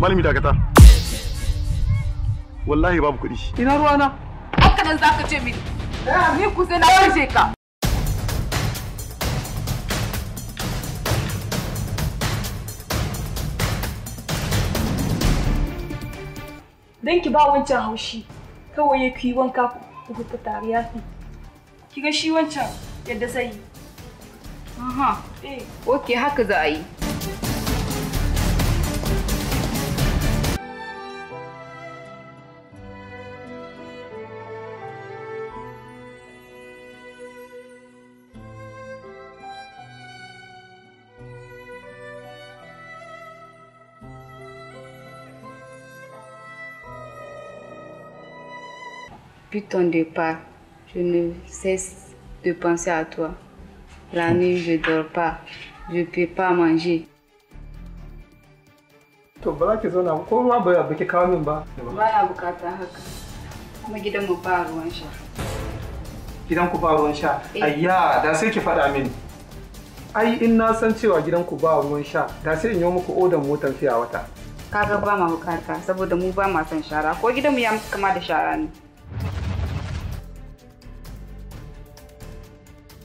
malami dakata wallahi babu kuɗi ina ruwana haka nan zaka ce mini eh. ni ku sai na kashe ka dan ki ba wancan haushi kawai ya ki wanka ku ku tare ya fi ki ga shi wancan yadda sai aha eh okay haka za a yi Depuis ton départ, je ne cesse de penser à toi. La nuit, je ne dors pas. Je ne peux pas manger. To ba za ki zauna ko ma ba ba ki kawo min ba. Ba na bukata haka. Kuma gidan mu ba ruwan sha. Gidan ku ba ruwan sha. Eh. Ayya, da sai ki faɗa min. Ai in na san cewa gidan ku ba ruwan sha, da sai in yi muku odan motar fiya wata. Kaga ba ma bukata saboda mu ba ma son shara ko gidan mu ya kama da shara ne.